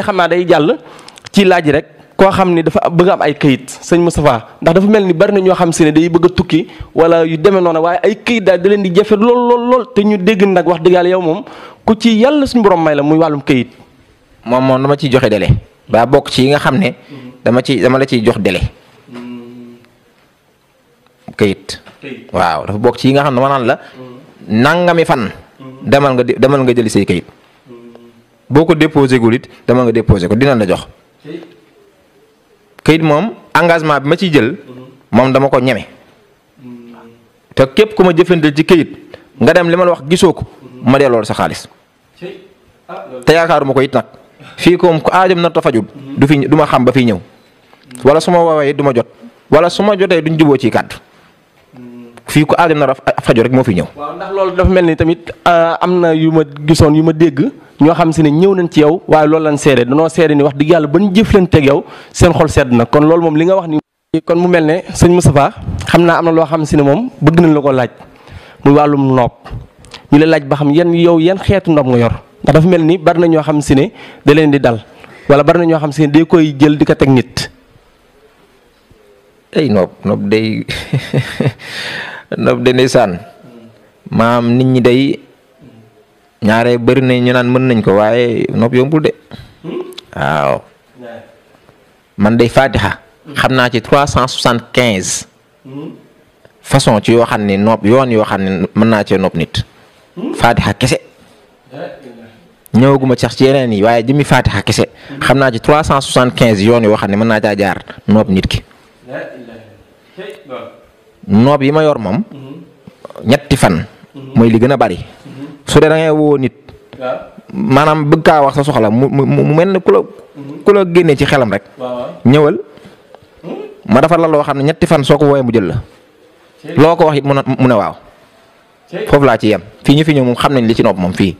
xam naa day jàll ci laaj rek koo xam ni dafa bëgg am ay këyit sëñ Moustapha ndax dafa mel ni bari na ñoo xam si ne day bëgg a tukki wala yu demee noonu waaye ay këyit daal leen di jafe lool lool lool te ñu dégg nag wax dëgg yàlla moom ku ci yàlla suñu borom la muy wàllum këyit. moom moom dama ciy joxe délai ba bokk ci yi nga xam ne mm-hmm. dama ci dama la ciy jox délai mm-hmm. këyit. waaw dafa bokk ci yi nga xam ne dama naan la mm-hmm. nangami fan. demal nga demal nga jëli say këyit. boo ko déposé gul it dama nga déposé ko dina la jox kayit moom engagement bi ma ciy jël moom dama ko ñeme te képp ku ma jëfandil ci kayit nga dem li ma la wax gisoo ko ma delloo sa xaalis te yaakaaruma ko it fii comme ku aajam na tafajul du fi du xam ba fiy ñëw wala su ma woowee du ma jot wala su ma jotee duñ juboo ci kàddu fii ku aajam na faju rek moo fi ñëw. Euh, gisoon yu ma dégg. ñoo xam si ne ñëw nañ ci yow waaye loolu lañ seede danoo seede ni wax dëgg yàlla bañ jëflanteeg yow seen xol sedd na kon lool moom li nga wax ni kon mu mel ne sëñ Moustapha xam naa am na loo xam si ne moom bëgg nañ la ko laaj muy wàllum noob ñu la laaj ba xam yan yow yan xeetu noob nga yor ndax dafa mel ni bari na ñoo xam si ne da leen di dal wala bari na ñoo xam si ne day koy jël di ko teg nit. ay noob noob day noob day ndeysaan maam nit ñi day. ñaare bëri na ñu naan mën nañ ko waaye nopp bu de waaw man day faatixa xam naa ci trois cent soixante quinze façon ci yoo xam ne yoon yoo xam ne mën naa cee nopp nit kese ñëwaguma sax ci yeneen yi waaye jëmi faatixa kese xam naa ci trois cent soixante quinze yoon yoo xam ne mën naa caa jaar nopp nit ki nopp yi ma yor moom mm-hmm. ñetti fan mooy li gën a bari. su dee da woo nit. maanaam bëgg kaa wax sa soxla mu mu mu mel ne ku la ku la génnee ci xelam rek. ñëwal hmm? ma defar la loo xam ne ñetti fan soo ko woowee mu jël la. loo ko wax it mu ne waaw. foofu laa ci yem fii ñu fi ñëw moom xam nañ li ci nopp moom fii.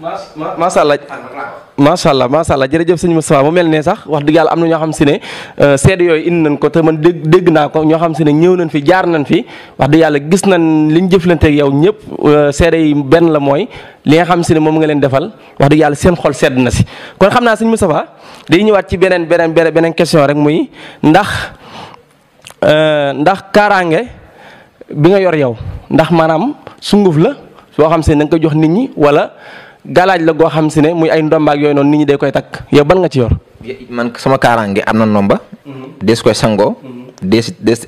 macha allah ah, macha allah macha allah jërëjëf sëñ Moustapha mu mel ne sax wax dëgg yàlla am na ñoo xam si ne euh, seede yooyu indi nañ ko te man dégg dégg naa ko ñoo xam si ne ñëw nañ fi jaar nañ fi wax dëgg yàlla gis nañ liñ jëflanteeg yow ñëpp euh, seede yi benn la mooy li nga xam si ne moom mu nga leen defal wax dëgg yàlla seen xol sedd na si. kon xam naa sëñ Moustapha day ñëwaat ci beneen beneen beneen question rek muy ndax euh, ndax kaaraange bi nga yor yow ndax maanaam sunguf la soo xam si ne ko jox nit ñi wala. galaaj la goo xam ne muy ay ndombaak yooyu noonu nit ñi day koy takk yow ban nga ci yor. man sama kaaraange am na ndomba. Mhm. dees koy sangoo. Mhm. dees dees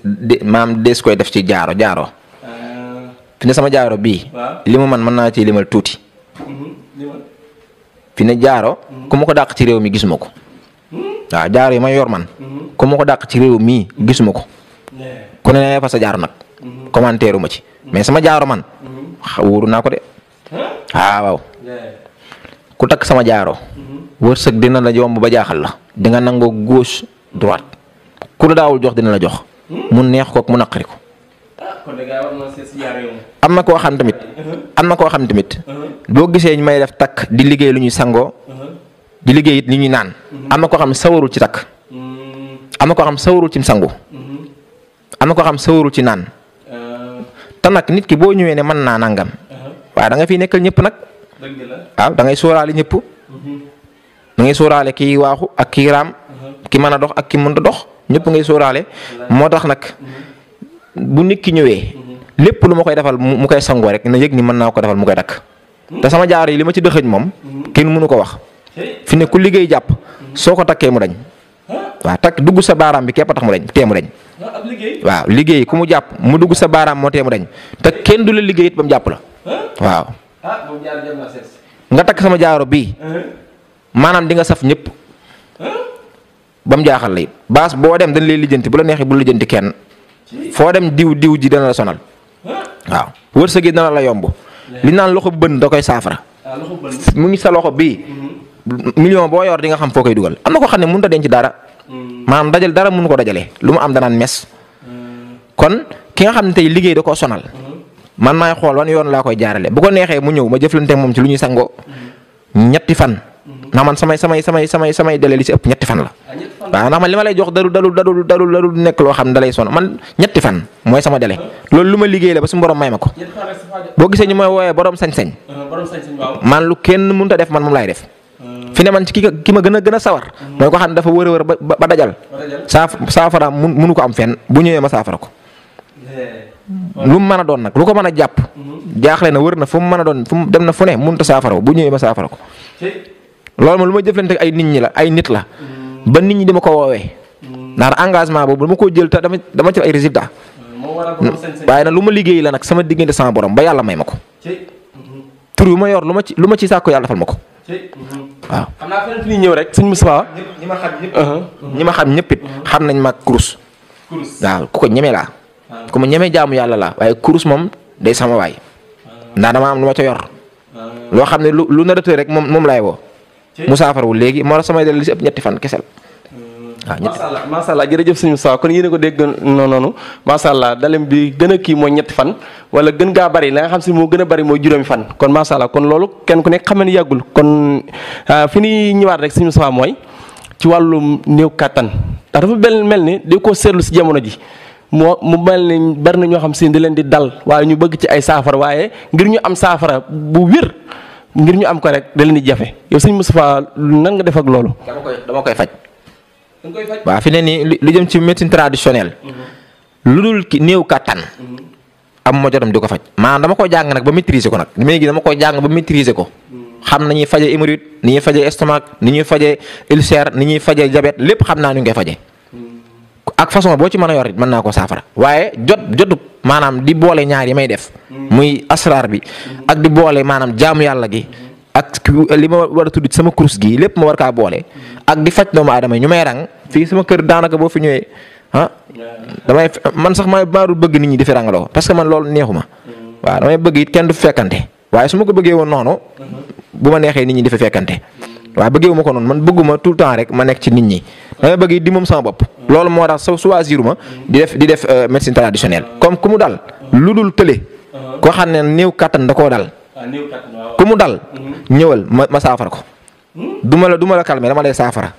maam dees koy def ci jaaro jaaro. Ah. fi ne sama jaaro bii. li mu man mën naa ci limal tuuti. Mhm. fi jaaro. ku ma ko dàq ci réew mi gisuma ko. waaw jaaro yi ma yor man. ko dàq ci réew mii gisuma ko. ku ne nee fa sa jaaro nag. commentaire ma ci mais sama jaaro man. wóoru naa ko de. ah waaw ku takk sama jaaro wërsëg dina la yomb ba jaaxal la di nga nangoo gauche droite ku la daawul jox dina la jox mu neex ko ak mu naqari ko am na koo xam tamit am na koo xam tamit boo gisee ñu may def takk di liggéey lu ñuy sangoo di liggéey it li ñuy naan am na koo xam sawarul ci takk am na koo xam sawarul ci sangu am na koo xam sawarul ci naan te nag nit ki boo ñëwee ne mën naa nangam waa da nga fiy nekkal ñëpp nag. waaw da ngay sóoraale ñëpp. Mhm. da ngay sóoraale kii waaxu ak kii raam. Mhm. ki mën a dox ak ki mënut a dox ñëpp ngay sóoraale. moo tax nag mhm. bu nit ki ñëwee. lépp lu ma koy defal mu koy sangoo rek na yëg ni mën naa ko defal mu koy dakk hmm? te sama jaar yi li ma ci dëxëñ moom. kenn mënu ko wax. fi ne ku liggéey jàpp soo ko takkee mu dañ. waa takk dugg sa baaraam bi képp a tax mu dañ tee mu dañ. waaw liggéey ku mu jàpp mu dugg sa baaraam moo tee mu dañ te kenn du la liggéey it ba jàpp la. waaw. Ah, nga takk sama jaaro bii. Eh? maanaam di nga saf ñëpp. Eh? ba mu jaaxal la baas boo dem dañ lay lijjanti bu la neexee bu lijjanti kenn. foo dem diw diw ji dana la sonal. Eh? waaw wërsëg yi dana la yomb. li naan loxo bën da koy saafara. Ah, mu ngi sa loxo bii. Mm-hmm. million boo yor di nga xam foo koy dugal am na ko xam ne mun a denc dara. Mm. maanaam dajal dara mënu ko dajale lu mu am danaan mes. Mm. kon ki nga xam ne tey liggéey da koo sonal. Mm-hmm. man maay xool wan yoon laa koy jaarale bu ko neexee mu ñëw ma jëflante moom ci lu ñuy sangoo ñetti fan. ndax man samay samay samay samay samay délai li ci ëpp ñetti fan la. Ah, waaw ndax man li ma lay jox dalul dalul dalul dalul dalul nekk loo xam ne dalay sonn man ñetti fan mooy sama délai loolu lu ma liggéey la ba su borom may ma ko. boo gisee ñu may wooyee borom sañ-sañ. Ah, man lu kenn mënut a def man moom laay def. Ah. fi ne man ci ki ki ma gën a gën a sawar. Mm. mooy ko xam ne dafa wër a wër ba ba dajal. saafara munu ko am fenn bu ñëwee ma saafara ko. lu mu mën a doon nag lu ko mën a jàpp. Mm-hmm. jaaxle na wër na fu mu mën a doon fu mu dem na fu ne mënut a saafara bu ñëwee ma saafara ko. loolu moom lu ma jëflante ay nit ñi la ay nit la. Mm. ba nit ñi dama ko woowee. Mm. ndax engagement boobu dama ko jël te dama dama ay résultats. Mm, waaye nag lu ma liggéey la nag sama diggante sama borom ba yàlla may ma ko. Mm-hmm. tur bi ma yor lu ma ci lu ma ci sàkku yàlla defal ma ko. Mm-hmm. waaw xam naa feneen ma xam ñëpp uh-huh. xam ñëpp it nañ ma kurus. kurus waaw ku ko ñeme laa ku ma ñemee jaamu yàlla la waaye kurus moom day sama waay ndax dama am lu ma ca yor loo xam ne lu lu nar rek moom moom laay woo musaafarawul léegi moo la samay dal li si ëpp ñetti fan kesel mm. waaw macha allah macha allah jërëjëf sëñ Moussa kon yéen a ko dégg noonu noonu macha allah dalem bi gën a kii mooy ñetti fan wala gën gaa bari la xam si moo gën a bari mooy juróomi fan kon macha allah kon loolu kenn ku nekk xam ne yàggul kon ah, fi ñuy ñëwaat rek sëñ Moussa mooy ci wàllum néew kàttan ndax dafa mel mel ni di ko seetlu si jamono ji moo mu mel ni bari na ñoo xam si di leen di dal waaye ñu bëgg ci ay saafara waaye ngir ñu am saafara bu wér ngir ñu am ko rek da di jafe yow sëñ Moustapha nan nga def ak loolu. dama koy faj. waaw fi ne nii lu jëm ci médecine traditionnelle. Mm-hmm. lu dul ki néew kattan. Mm-hmm. am mojoram di ko faj maanaam dama ko jàng nag ba maîtriser ko nag léegi dama koy jàng ba maîtriser ko. Mm-hmm. xam nañuy fajee hémorroïde ni ñuy faje estomac ni ñuy fajee ulcère ni ñuy fajee jabet lépp xam naa nu ñu koy fajee. ak façon boo ci man a yor it mën naa ko saafara waaye jot jotub maanaam di boole ñaar yi may def. Mm. muy asraar bi mm. ak di boole maanaam jaamu yàlla gi. Mm. ak li ma war a tudd sama kurus gi lépp ma war kaa boole. ak di faj doomu aadama ñu may rang fii sama kër daanaka boo fi ñëwee ah damay man sax maa maa bëgg nit ñi di fi parce que man loolu neexuma waaw damay bëgg du fekkante waaye su ma ko bëggee woon noonu mm-hmm. bu ma neexee nit ñi di fi fekkante waaye bëggee wu ma ko noonu man bëgguma tout le temps rek ma nekk ci nit ñi damay bëgg it loolu moo tax so choisir ma di def di def euh, médecine traditionnelle comme ku mu dal lu dul tële uh-huh. koo xam ne néew kattan da koo dal ah, ku mu dal uh-huh. ñëwal ma saafara ko hmm? duma la duma la calmer dama lay saafara uh,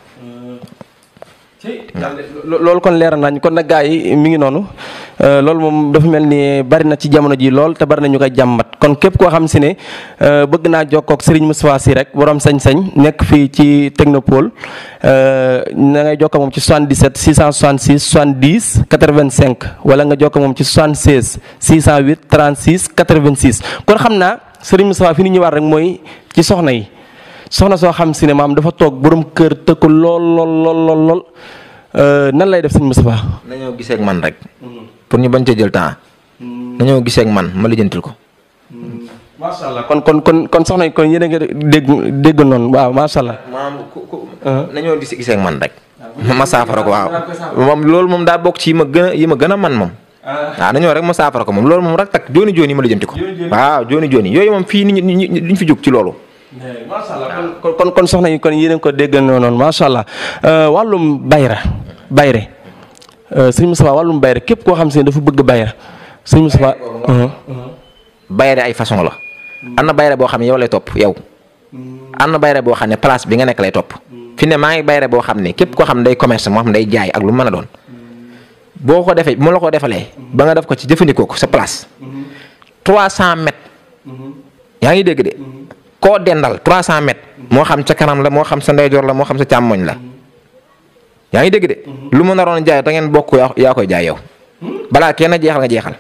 loolu kon leeral nañ kon nag gaa yi mi ngi noonu Euh, loolu moom dafa mel ni bari na ci jamono ji lool te bari na ñu koy jàmbat kon képp koo xam si ne euh, bëgg naa jokkook sëriñ Serigne Moustapha Sy rek borom sañ-sañ nekk fii ci Technopole euh, na ngay jokkoo moom ci 77 666 70 85 wala nga jokkoo moom ci 76 608 36 86 xam naa Serigne Moustapha fi ñu ñëwaat rek mooy ci soxna yi soxna soo xam si ne maam dafa toog borom kër tëkku lool lool lool lool nan lay def Serigne Moustapha. nañoo gisee man rek. Mm-hmm. pour ñu bañ ca jël temps hmm. nañoo gisee ak man ma lijjantil ko. Hmm. macha allah kon kon kon kon soxna kon yéen a ngi dégg dégg noonu waaw macha allah. maam ku ku ah. gis gisee man rek. Ah. ma saafara ko waaw moom loolu moom daa bokk ci yi ma gën a yi ma gën a man moom. Ah. waaw nañoo rek ma saafara ko moom loolu moom rak tak jooni jooni ma lijjanti ko. waaw jooni jooni yooyu moom fii nit ñi duñ fi jóg ci loolu. Eh, macha kon kon kon soxna yi kon yéen a ngi ko dégg noonu macha allah euh, wàllum bayra bayre Euh, sëñ Moustapha wàllum bayre képp koo xam si dafa bëgg bayre sëñ Moustapha uh-huh. bayre ay façon la mm. am na bayre boo xam ne yow lay topp yow mm. am na bayre boo xam ne place bi nga nekk lay topp mm. fi ne maa ngi bayre boo xam ne képp koo xam ne day commerce moo xam ne day jaay ak lu mën a doon boo ko defee moo la koo defalee ba nga def ko ci jëfandikoo ko sa place 300 mm-hmm. mètres mm-hmm. yaa ngi dégg de mm-hmm. koo dendal 300 mètres moo xam sa kanam la moo xam sa ndeyjoor la moo xam sa càmmoñ la yaa ngi dégg de. Mm-hmm. lu mu naroon jaay da ngeen bokk yaa koy jaay yow. Mm-hmm. balaa kenn jeexal nga jeexal.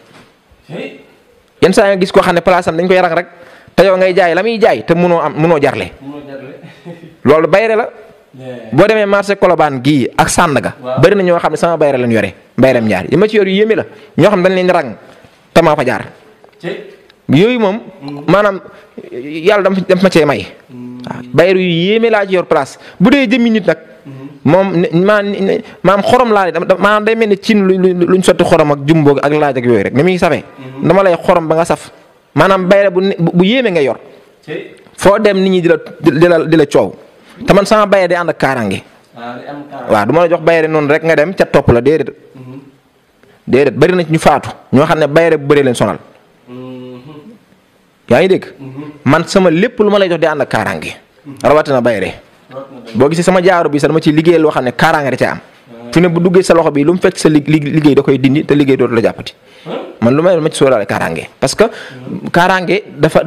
yenn saa nga gis koo xam ne place am dañ koy rax rek te yow ngay jaay la muy jaay te noo am mu mënoo jarle. loolu bayre la. boo demee marché Colobane gii ak Sandaga. bari na ñoo xam ne sama bayre lañ yore bayreem ñaar yi ma ci yor yu yéeme la ñoo xam dañ leen rang te maa fa jaar. yooyu moom. Mm-hmm. maanaam yàlla dama ma cee may. waaw bayre yu yéeme laa ci yor place bu dee jëmmi nit nag. moom maa maam xorom laa maanaam day mel ni cin luñ sotti xorom ak jumbo ak laaj ak yooyu rek ni muy safee. Mhm. dama lay xorom ba nga saf maanaam bayre bu bu yéeme nga yor. foo dem nit ñi di la di la coow te man sama bayre day ànd ak kaaraange. Ah, waaw du jox bayre noonu rek nga dem ca topp la déedéet. Mhm. bari na ñu faatu ñoo xam ne bayre bu bëree leen sonal. Mhm. yaa ngi dégg. man sama lépp lu ma lay jox day ànd ak kaaraange. rawatina bayre boo gisee sama jaaro bi sax dama ci liggéey loo xam ne kaaraange da cee am fi ne bu duggee sa loxo bi lu mu fekk sa liggéey da koy dindi te liggéey dootu la jàppati man lu may ma ci sóoraale kaaraange parce que kaaraange dafa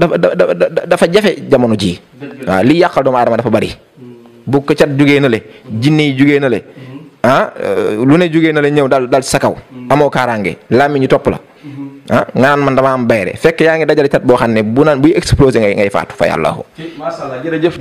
dafa jafe jamono ji waaw li yàqal doomu dafa bari bu ko cat jugee na le jinne yi na le ah, lu ne jugee na le ñëw daal daal ci sa kaw amoo kaaraange làmmiñ ñu topp la ah nga naan man dama am bayre fekk yaa ngi dajale cat boo xam ne bu naan buy explosé ngay ngay faatu fa yàllaahu